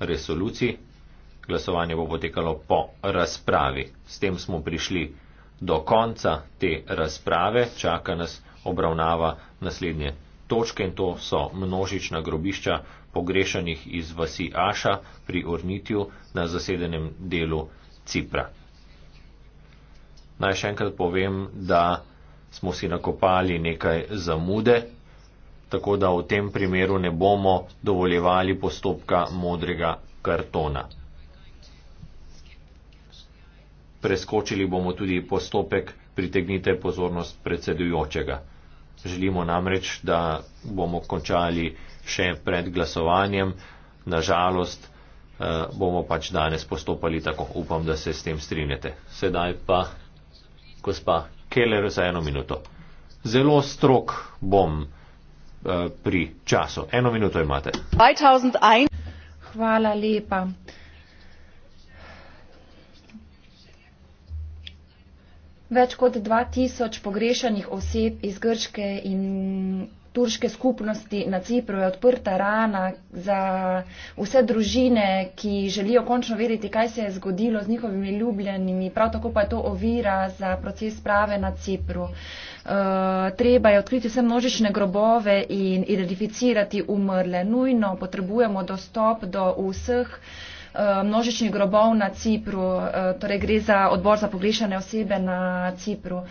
resoluciji. Glasovanje bo potekalo po razpravi. S tem smo prišli do konca te razprave. Čaka nas obravnava naslednje točke in to so množična grobišča pogrešanih iz vasi Aša pri Ornitju na zasedenem delu Cipra. Naj še enkrat povem, da smo si nakopali nekaj zamude tako da v tem primeru ne bomo dovoljevali postopka modrega kartona. Preskočili bomo tudi postopek pritegnite pozornost predsedujočega. Želimo namreč, da bomo končali še pred glasovanjem. Nažalost eh, bomo pač danes postopali tako. Upam, da se s tem strinjate. Sedaj pa, gospa Keller, za eno minuto. Zelo strok bom. Eh, pri času. Eno minuto imate. Hvala lepa. Več kot 2000 pogrešanih oseb iz Grčke in turške skupnosti na Cipru je odprta rana za vse družine, ki želijo končno vedeti, kaj se je zgodilo z njihovimi ljubljenimi. Prav tako pa je to ovira za proces sprave na Cipru. Eh, treba je odkriti vse množične grobove in identificirati umrle. Nujno potrebujemo dostop do vseh eh, množičnih grobov na Cipru, eh, torej gre za odbor za pogrešane osebe na Cipru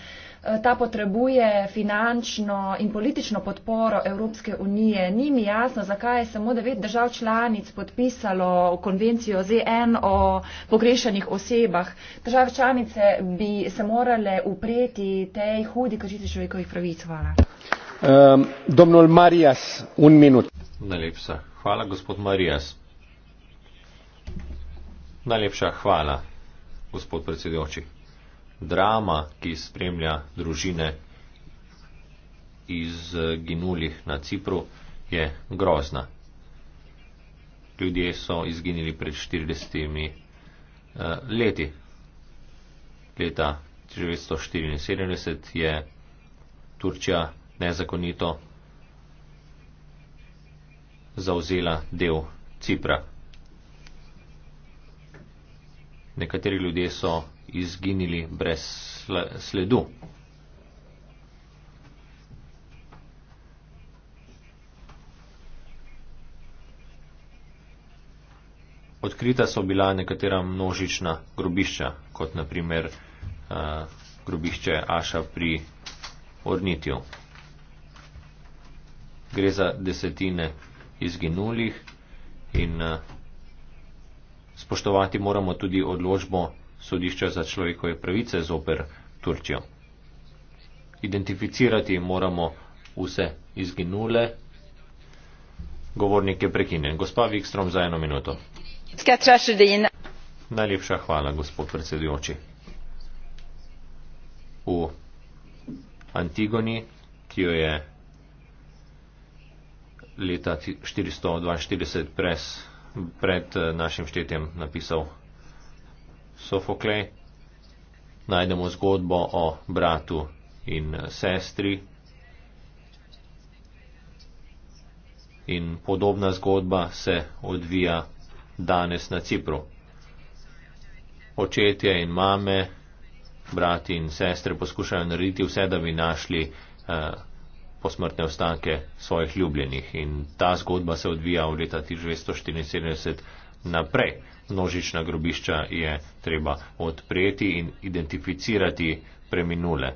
ta potrebuje finančno in politično podporo Evropske unije. Ni mi jasno, zakaj je samo devet držav članic podpisalo konvencijo ZN o pogrešanih osebah. Države članice bi se morale upreti tej hudi kršitvi človekovih pravic. Hvala. Um, Najlepša hvala, gospod Marijas. Najlepša hvala, gospod predsedujoči drama, ki spremlja družine izginulih eh, na Cipru, je grozna. Ljudje so izginili pred 40 eh, leti. Leta 1974 je Turčija nezakonito zauzela del Cipra. Nekateri ljudje so izginili brez sledu. Odkrita so bila nekatera množična grobišča, kot naprimer uh, eh, grobišče Aša pri Ornitju. Gre za desetine izginulih in uh, spoštovati moramo tudi odločbo sodišča za človekove pravice zoper Turčijo. Identificirati moramo vse izginule. Govornik je prekinjen. Gospa Vikstrom za eno minuto. Najlepša hvala, gospod predsedujoči. V Antigoni, ki jo je leta 442 pred eh, našim štetjem napisal Sofoklej, najdemo zgodbo o bratu in sestri. In podobna zgodba se odvija danes na Cipru. Očetje in mame, brati in sestre poskušajo narediti vse, da bi našli eh, posmrtne ostanke svojih ljubljenih. In ta zgodba se odvija v leta 1974 naprej množična grobišča je treba odpreti in identificirati preminule,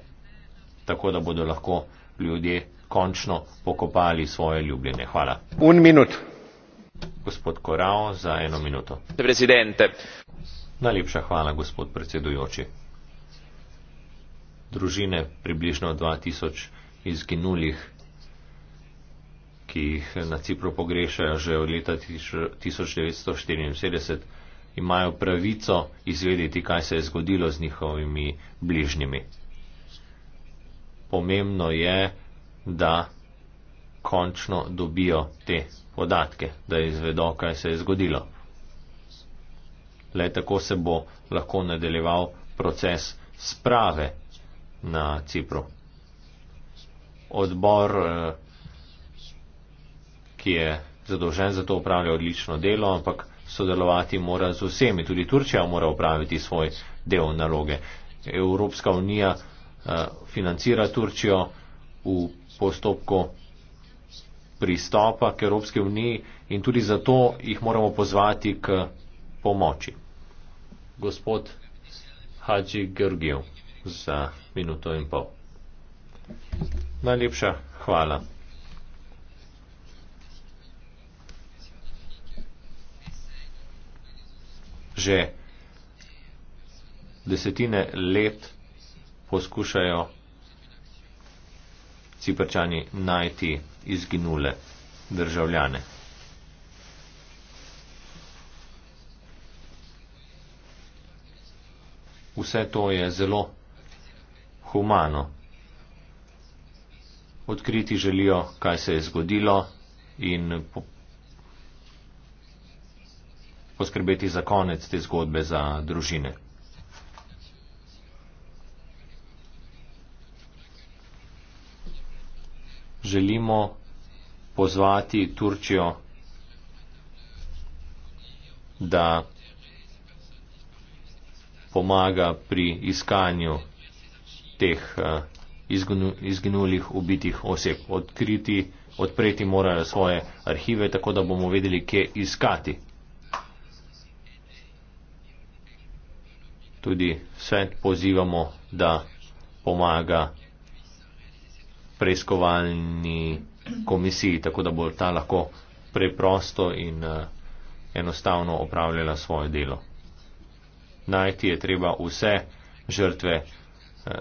tako da bodo lahko ljudje končno pokopali svoje ljubljene. Hvala. Un minut. Gospod Korao, za eno minuto. Presidente. Najlepša hvala, gospod predsedujoči. Družine približno 2000 izginulih ki jih na Cipru pogrešajo že od leta 1974, imajo pravico izvedeti, kaj se je zgodilo z njihovimi bližnjimi. Pomembno je, da končno dobijo te podatke, da izvedo, kaj se je zgodilo. Le tako se bo lahko nadaljeval proces sprave na Cipru. Odbor eh, ki je zadolžen za to, upravlja odlično delo, ampak sodelovati mora z vsemi. Tudi Turčija mora upraviti svoj del naloge. Evropska unija uh, financira Turčijo v postopku pristopa k Evropski uniji in tudi zato jih moramo pozvati k pomoči. Gospod Hadži Georgijev za minuto in pol. Najlepša hvala. že desetine let poskušajo ciprčani najti izginule državljane. Vse to je zelo humano. Odkriti želijo, kaj se je zgodilo in poskrbeti za konec te zgodbe za družine. Želimo pozvati Turčijo, da pomaga pri iskanju teh eh, izginulih, ubitih oseb. Odkriti, odpreti morajo svoje arhive, tako da bomo vedeli, kje iskati tudi svet pozivamo, da pomaga preiskovalni komisiji, tako da bo ta lahko preprosto in eh, enostavno opravljala svoje delo. Najti je treba vse žrtve eh,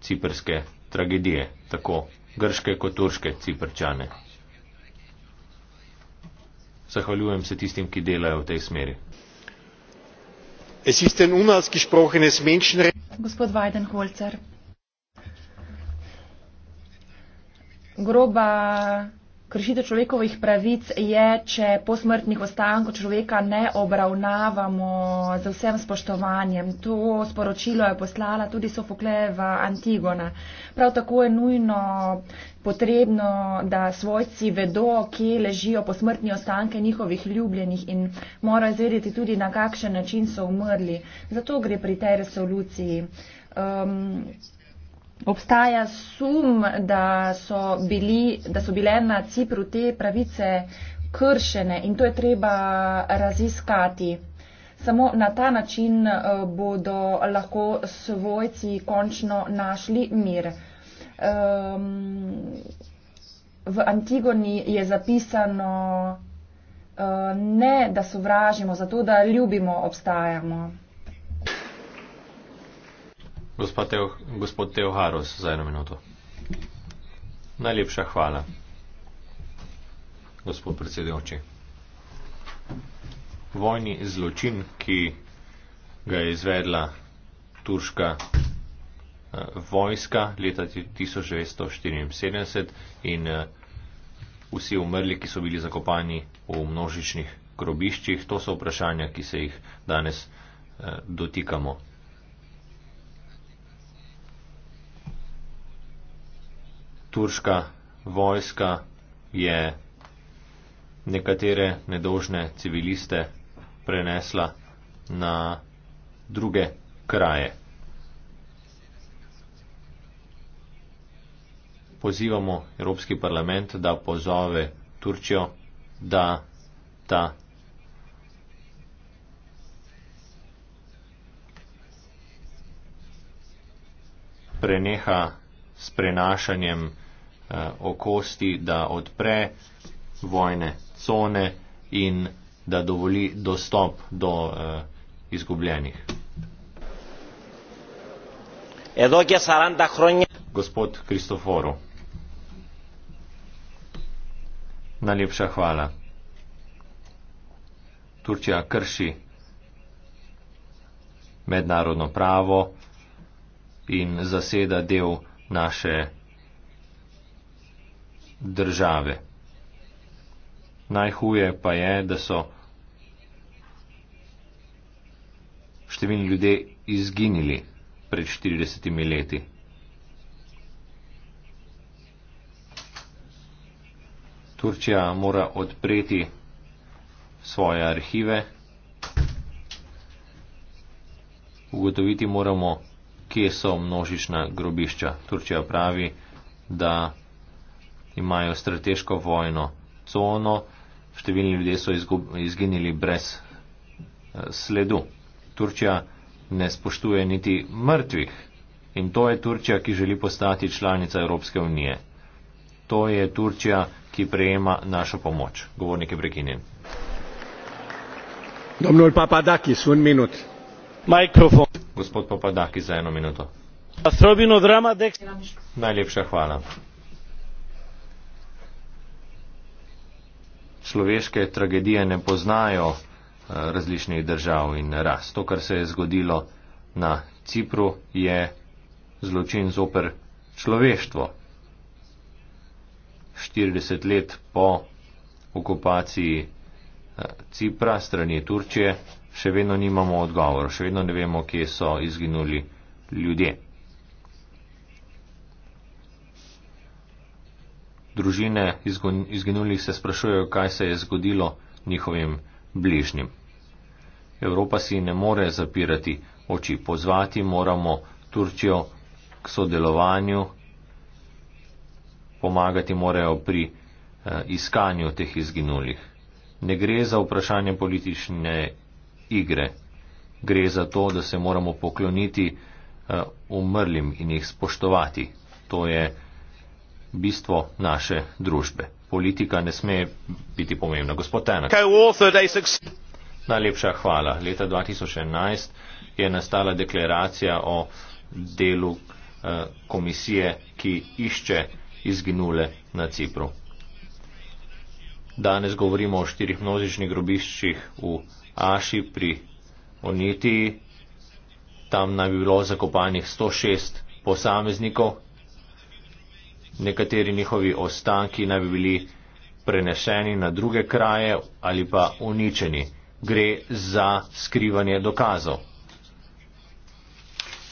ciprske tragedije, tako grške kot turške ciprčane. Zahvaljujem se tistim, ki delajo v tej smeri es ist ein unausgesprochenes menschenrecht. Kršitev človekovih pravic je, če posmrtnih ostankov človeka ne obravnavamo z vsem spoštovanjem. To sporočilo je poslala tudi Sofokleva Antigona. Prav tako je nujno potrebno, da svojci vedo, kje ležijo posmrtni ostanke njihovih ljubljenih in morajo zvedeti tudi, na kakšen način so umrli. Zato gre pri tej resoluciji. Um, obstaja sum, da so, bili, da so bile na Cipru te pravice kršene in to je treba raziskati. Samo na ta način eh, bodo lahko svojci končno našli mir. Um, v Antigoni je zapisano uh, ne, da sovražimo, zato da ljubimo, obstajamo. Teo, gospod Teo Haros, za eno minuto. Najlepša hvala, gospod predsedujoči. Vojni zločin, ki ga je izvedla turška eh, vojska leta 1974 in eh, vsi umrli, ki so bili zakopani v množičnih grobiščih, to so vprašanja, ki se jih danes eh, dotikamo. turška vojska je nekatere nedožne civiliste prenesla na druge kraje. Pozivamo Evropski parlament, da pozove Turčjo, da ta preneha s prenašanjem eh, okosti, da odpre vojne cone in da dovoli dostop do eh, izgubljenih. Gospod Kristoforu, najlepša hvala. Turčija krši mednarodno pravo in zaseda del naše države. Najhuje pa je, da so številni ljudje izginili pred 40 leti. Turčija mora odpreti svoje arhive. Ugotoviti moramo, kje so množična grobišča. Turčija pravi, da imajo strateško vojno cono, številni ljudje so izginili brez eh, sledu. Turčija ne spoštuje niti mrtvih in to je Turčija, ki želi postati članica Evropske unije. To je Turčija, ki prejema našo pomoč. Govornik je prekinjen. Domnul Papadakis, un minut. Mikrofon gospod Popadaki za eno minuto. Najlepša hvala. Človeške tragedije ne poznajo eh, različnih držav in rast. To, kar se je zgodilo na Cipru, je zločin zoper človeštvo. 40 let po okupaciji eh, Cipra strani Turčije še vedno nimamo odgovora, še vedno ne vemo, kje so izginuli ljudje. Družine izginulih se sprašujejo, kaj se je zgodilo njihovim bližnjim. Evropa si ne more zapirati oči. Pozvati moramo Turčijo k sodelovanju, pomagati morajo pri eh, iskanju teh izginulih. Ne gre za vprašanje politične igre. Gre za to, da se moramo pokloniti eh, umrlim in jih spoštovati. To je bistvo naše družbe. Politika ne sme biti pomembna. Gospod Tenak. Najlepša hvala. Leta 2011 je nastala deklaracija o delu eh, komisije, ki išče izginule na Cipru. Danes govorimo o štirih množičnih grobiščih v Aši pri Onitiji. Tam naj bi bilo zakopanih 106 posameznikov. Nekateri njihovi ostanki naj bi bili prenešeni na druge kraje ali pa uničeni. Gre za skrivanje dokazov.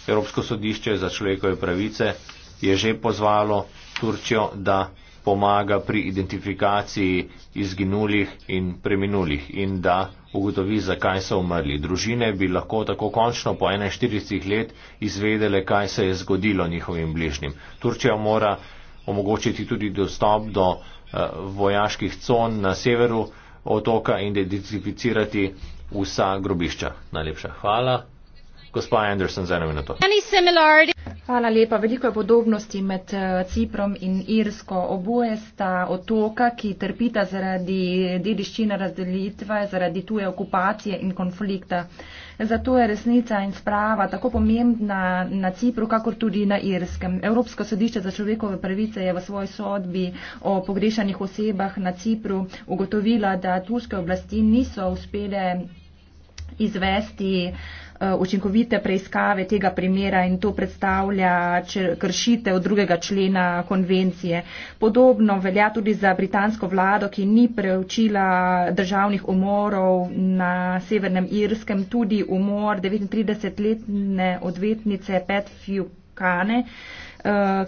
Evropsko sodišče za človekove pravice je že pozvalo Turčijo, da pomaga pri identifikaciji izginulih in preminulih in da ugotovi, zakaj so umrli. Družine bi lahko tako končno po 41 let izvedele, kaj se je zgodilo njihovim bližnjim. Turčija mora omogočiti tudi dostop do uh, vojaških con na severu otoka in identificirati vsa grobišča. Najlepša hvala. Gospa Anderson, z eno minuto. Hvala lepa. Veliko je podobnosti med eh, Ciprom in Irsko. Oboje sta otoka, ki trpita zaradi dediščine razdelitve, zaradi tuje okupacije in konflikta. Zato je resnica in sprava tako pomembna na Cipru, kakor tudi na Irskem. Evropsko sodišče za človekove pravice je v svoji sodbi o pogrešanih osebah na Cipru ugotovila, da turške oblasti niso uspele izvesti eh, učinkovite preiskave tega primera in to predstavlja kršitev drugega člena konvencije. Podobno velja tudi za britansko vlado, ki ni preučila državnih umorov na Severnem Irskem, tudi umor 39-letne odvetnice Pat Fjukane. Eh,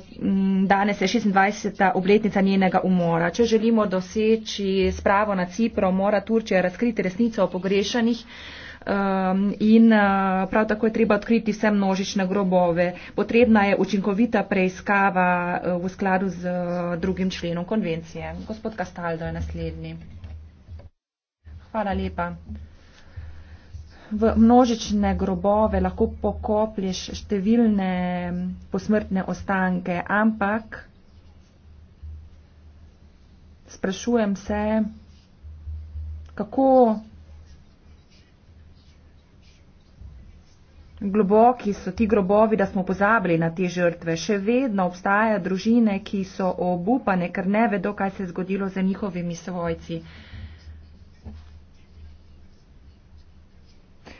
danes je 26. obletnica njenega umora. Če želimo doseči spravo na Cipro, mora Turčija razkriti resnico o pogrešanih Ehm, in eh, prav tako je treba odkriti vse množične grobove. Potrebna je učinkovita preiskava eh, v skladu z eh, drugim členom konvencije. Gospod Kastaldo je naslednji. Hvala lepa. V množične grobove lahko pokoplješ številne mm, posmrtne ostanke, ampak sprašujem se, kako Globoki so ti grobovi, da smo pozabili na te žrtve. Še vedno obstaja družine, ki so obupane, ker ne vedo, kaj se je zgodilo za njihovimi svojci.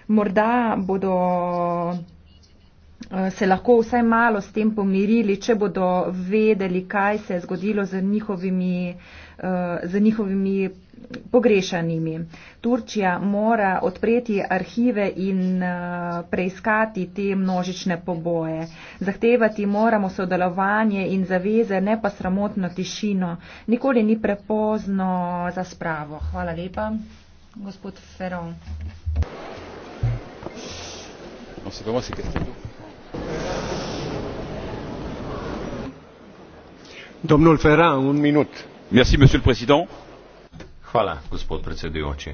Morda bodo eh, se lahko vsaj malo s tem pomirili, če bodo vedeli, kaj se je zgodilo za njihovimi, eh, za njihovimi pogrešanimi. Turčija mora odpreti arhive in eh, preiskati te množične poboje. Zahtevati moramo sodelovanje in zaveze, ne pa sramotno tišino. Nikoli ni prepozno za spravo. Hvala lepa, gospod Ferron. No Domnul Ferran, un minut. Merci, monsieur le président. Hvala, gospod predsedujoči.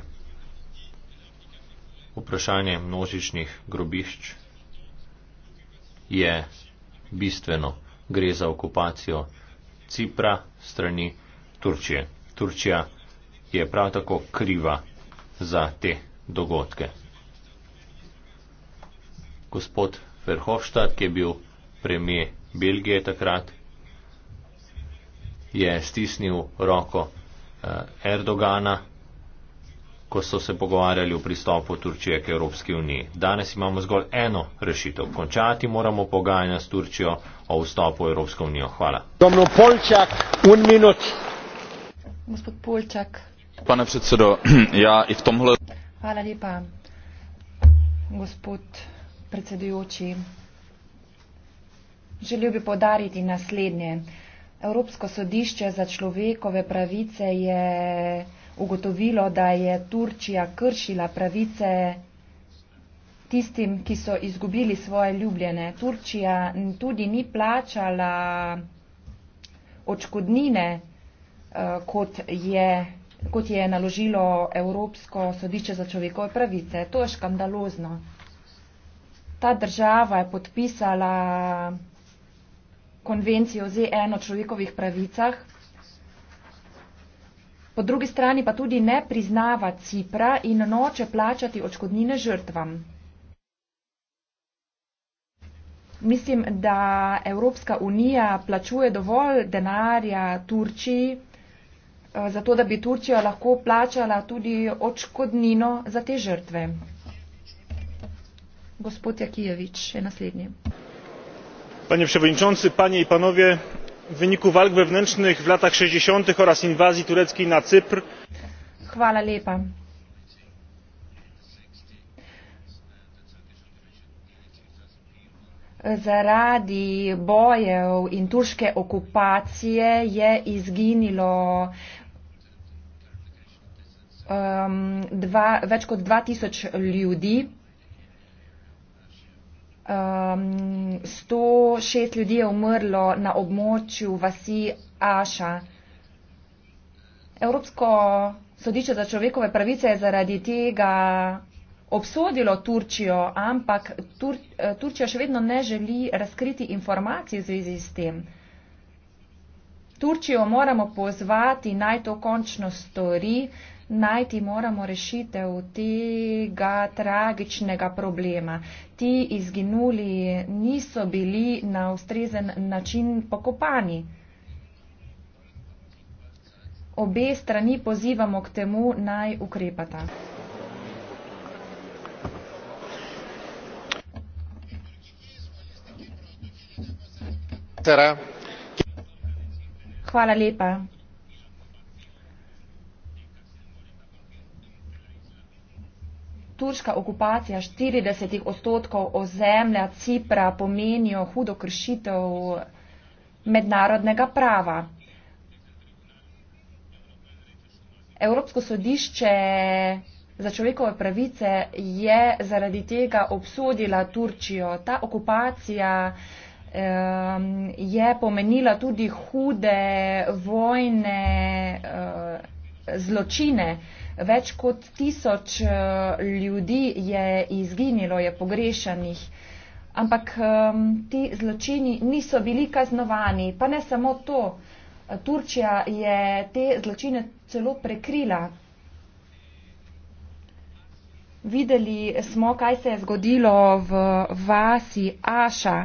Vprašanje množičnih grobišč je bistveno. Gre za okupacijo Cipra strani Turčije. Turčija je prav tako kriva za te dogodke. Gospod Verhofstadt, ki je bil premije Belgije takrat, je stisnil roko Eh, Erdogana, ko so se pogovarjali o pristopu Turčije k Evropski uniji. Danes imamo zgolj eno rešitev. Končati moramo pogajanja s Turčijo o vstopu v Evropsko unijo. Hvala. Polčak, Gospod Polčak. Pane predsedo, ja, in v tomhle. Hvala lepa, gospod predsedujoči. Želel bi podariti naslednje. Evropsko sodišče za človekove pravice je ugotovilo, da je Turčija kršila pravice tistim, ki so izgubili svoje ljubljene. Turčija tudi ni plačala očkodnine, eh, kot je, kot je naložilo Evropsko sodišče za človekove pravice. To je škandalozno. Ta država je podpisala konvencijo ZN o človekovih pravicah. Po drugi strani pa tudi ne priznava Cipra in noče plačati očkodnine žrtvam. Mislim, da Evropska unija plačuje dovolj denarja Turčiji, eh, zato da bi Turčija lahko plačala tudi očkodnino za te žrtve. Gospod Jakijevič je naslednji panie przewodniczący! panie i panowie! w wyniku walk wewnętrznych w latach sześćdziesiątych oraz inwazji tureckiej na cypr zaradi bojev in turške okupacije je izginilo um, več kot dva tisoč ljudi um, ehm, 106 ljudi je umrlo na območju vasi Aša. Evropsko sodišče za človekove pravice je zaradi tega obsodilo Turčijo, ampak Tur eh, Turčija še vedno ne želi razkriti informacij v zvezi s tem. Turčijo moramo pozvati naj to končno stori, najti moramo rešitev tega tragičnega problema. Ti izginuli niso bili na ustrezen način pokopani. Obe strani pozivamo k temu naj ukrepata. Hvala lepa. turška okupacija 40 odstotkov ozemlja Cipra pomenijo hudo kršitev mednarodnega prava. Evropsko sodišče za človekove pravice je zaradi tega obsodila Turčijo. Ta okupacija je pomenila tudi hude vojne eh, zločine. Več kot tisoč eh, ljudi je izginilo, je pogrešanih. Ampak um, ti zločini niso bili kaznovani. Pa ne samo to. Turčija je te zločine celo prekrila. Videli smo, kaj se je zgodilo v vasi Aša.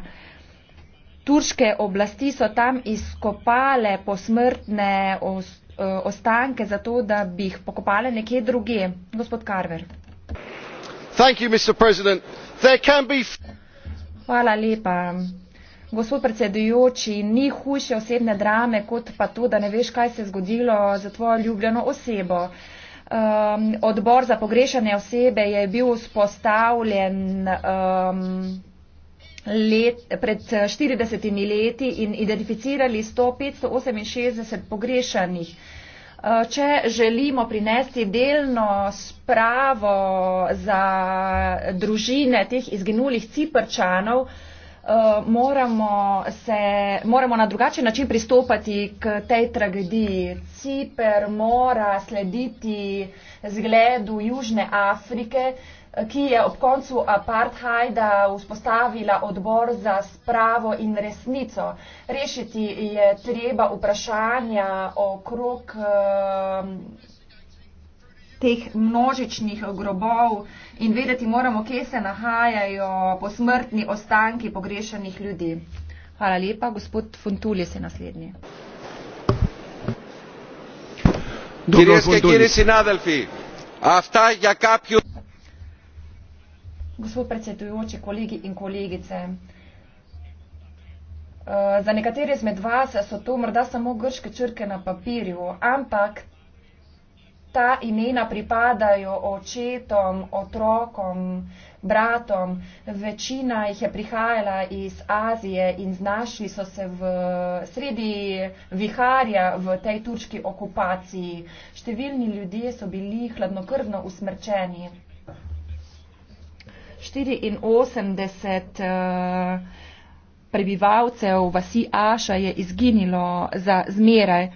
Turške oblasti so tam izkopale posmrtne ostrove Eh, ostanke za to, da bi jih pokopali nekje druge. Gospod Karver. You, Hvala lepa. Gospod predsedujoči, ni hujše osebne drame, kot pa to, da ne veš, kaj se je zgodilo za tvojo ljubljeno osebo. Um, odbor za pogrešane osebe je bil vzpostavljen um, let, pred 40 eh, leti in identificirali 1568 pogrešanih. Eh, če želimo prinesti delno spravo za družine teh izginulih ciprčanov, eh, moramo, se, moramo na drugačen način pristopati k tej tragediji. Ciper mora slediti zgledu Južne Afrike, ki je ob koncu apartheida vzpostavila odbor za spravo in resnico. Rešiti je treba vprašanja okrog eh, teh množičnih grobov in vedeti moramo, kje se nahajajo posmrtni ostanki pogrešenih ljudi. Hvala lepa. Gospod Funtulje se naslednji. Dobro, Funtulje. Kjer je sin Adelfi? A vta je ja, kapju... Gospod predsedujoči, kolegi in kolegice. Eh, za nekatere izmed vas so to morda samo grške črke na papirju, ampak ta imena pripadajo očetom, otrokom, bratom. Večina jih je prihajala iz Azije in znašli so se v sredi viharja v tej turški okupaciji. Številni ljudje so bili hladnokrvno usmrčeni. 84 eh, prebivalcev vasi Aša je izginilo za zmeraj.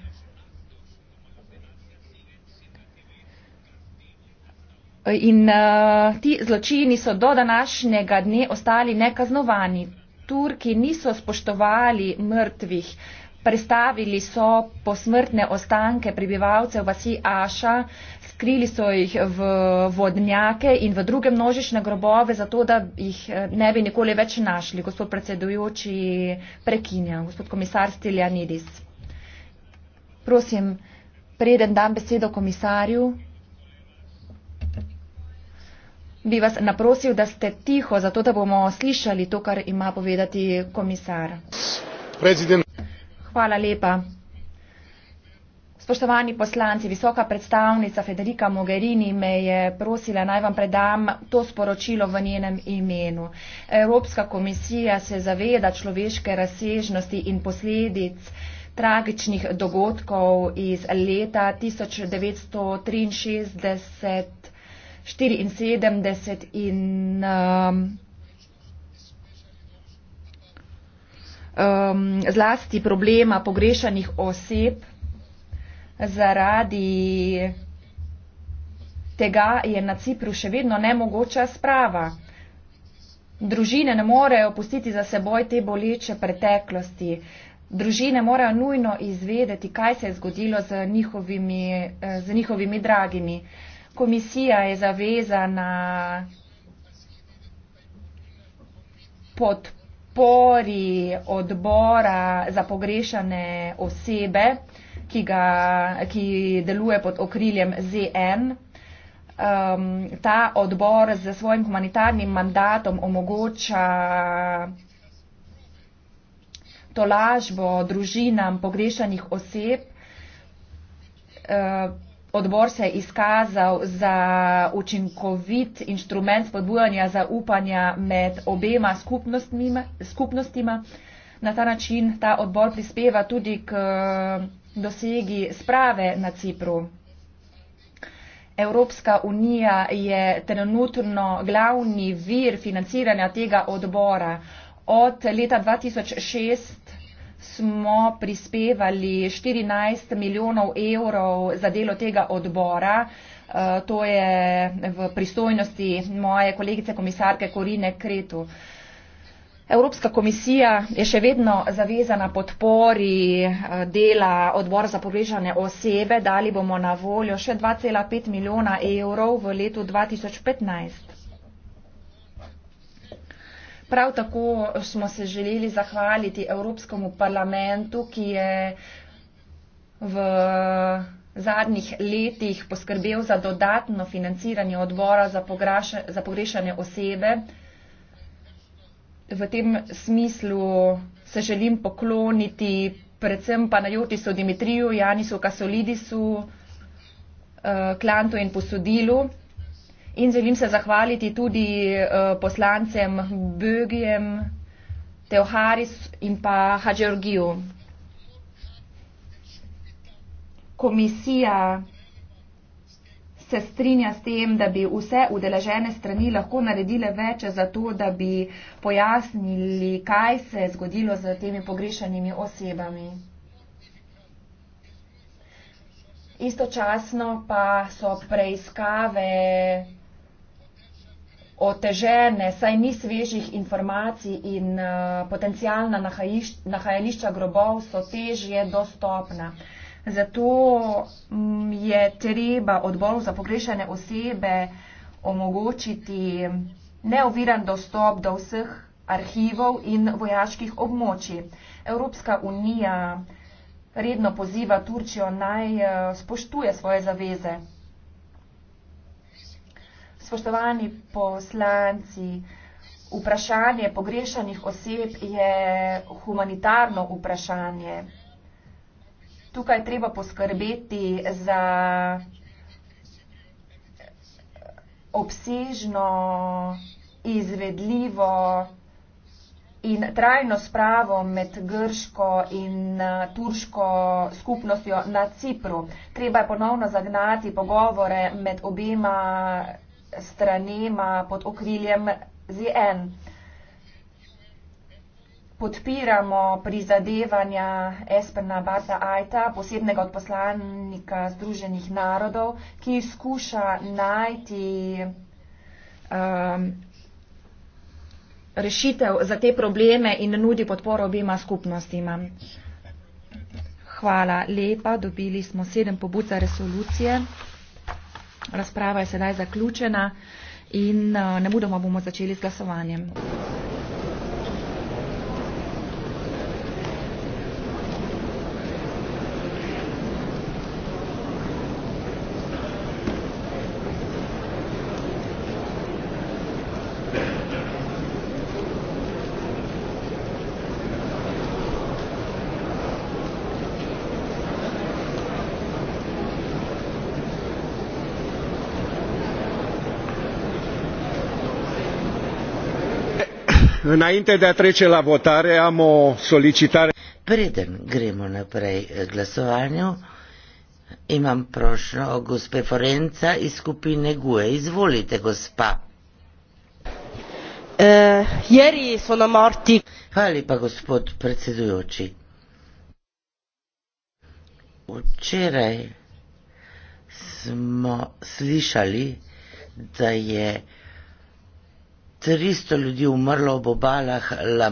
In uh, ti zločini so do današnjega dne ostali nekaznovani. Turki niso spoštovali mrtvih, prestavili so posmrtne ostanke prebivalcev vasi Aša, skrili so jih v vodnjake in v druge množične grobove, zato da jih eh, ne bi nikoli več našli. Gospod predsedujoči prekinja, gospod komisar Stiljanidis. Prosim, preden dam besedo komisarju, bi vas naprosil, da ste tiho, zato da bomo slišali to, kar ima povedati komisar. Predsednik. Hvala lepa. Spoštovani poslanci, visoka predstavnica Federika Mogherini me je prosila, naj vam predam to sporočilo v njenem imenu. Evropska komisija se zaveda človeške razsežnosti in posledic tragičnih dogodkov iz leta 1963, 1974 in. Um, Um, zlasti problema pogrešanih oseb zaradi tega je na Cipru še vedno nemogoča sprava. Družine ne morejo pustiti za seboj te boleče preteklosti. Družine morajo nujno izvedeti, kaj se je zgodilo z njihovimi, eh, z njihovimi dragimi. Komisija je zavezana podpori odbora za pogrešane osebe ki, ga, ki deluje pod okriljem ZN. Um, ta odbor z svojim humanitarnim mandatom omogoča tolažbo družinam pogrešanih oseb. Uh, odbor se je izkazal za učinkovit inštrument spodbujanja zaupanja med obema skupnostima. Na ta način ta odbor prispeva tudi k dosegi sprave na Cipru. Evropska unija je trenutno glavni vir financiranja tega odbora. Od leta 2006 smo prispevali 14 milijonov evrov za delo tega odbora. Eh, to je v pristojnosti moje kolegice komisarke Korine Kretu. Evropska komisija je še vedno zavezana podpori eh, dela odbora za povežane osebe. Dali bomo na voljo še 2,5 milijona evrov v letu 2015. Prav tako smo se želeli zahvaliti Evropskemu parlamentu, ki je v zadnjih letih poskrbel za dodatno financiranje odbora za pogrešane osebe v tem smislu se želim pokloniti predvsem pa na Jotisu Dimitriju, Janisu Kasolidisu, eh, Klantu in Posodilu. In želim se zahvaliti tudi eh, poslancem Bögijem, Teoharis in pa Hadžergiju. Komisija se strinja s tem, da bi vse udeležene strani lahko naredile več za to, da bi pojasnili, kaj se je zgodilo z temi pogrešanimi osebami. Istočasno pa so preiskave otežene, saj ni svežih informacij in uh, eh, potencijalna nahajališča grobov so težje dostopna. Uh, Zato mm, je treba odboru za pogrešene osebe omogočiti neoviran dostop do vseh arhivov in vojaških območij. Evropska unija redno poziva Turčijo naj eh, spoštuje svoje zaveze. Spoštovani poslanci, vprašanje pogrešanih oseb je humanitarno vprašanje tukaj treba poskrbeti za eh, obsežno, izvedljivo in trajno spravo med grško in eh, turško skupnostjo na Cipru. Treba je ponovno zagnati pogovore med obema stranema pod okriljem ZN podpiramo prizadevanja Espena Barta Ajta, posebnega odposlanika Združenih narodov, ki skuša najti um, rešitev za te probleme in nudi podporo obima skupnostima. Hvala lepa, dobili smo sedem pobud za resolucije. Razprava je sedaj zaključena in uh, ne budemo bomo začeli z glasovanjem. înainte de a trece la votare am o solicitare Preden gremo naprej eh, glasovanju imam prošno gospe Forenca iz skupine GUE izvolite gospa Uh, ieri sono morti. Hvala lepa, gospod predsedujoči. Včeraj smo slišali, da je 300 ljudi umrlo ob obalah Lampedusa.